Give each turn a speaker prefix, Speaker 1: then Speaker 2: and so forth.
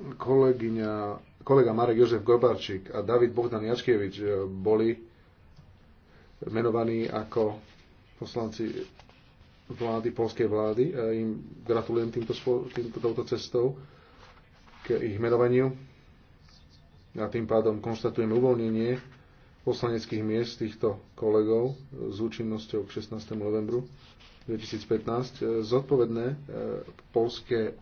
Speaker 1: kolegyňa, kolega Marek Jozef Gorbarčík a David Bohdan Jačkievič eh, boli menovaní ako poslanci vlády, polskej vlády. a Im gratulujem týmto, týmto, touto cestou k ich menovaniu a tým pádom konštatujem uvoľnenie poslaneckých miest týchto kolegov s účinnosťou k 16. novembru 2015. Eh, zodpovedné eh, polské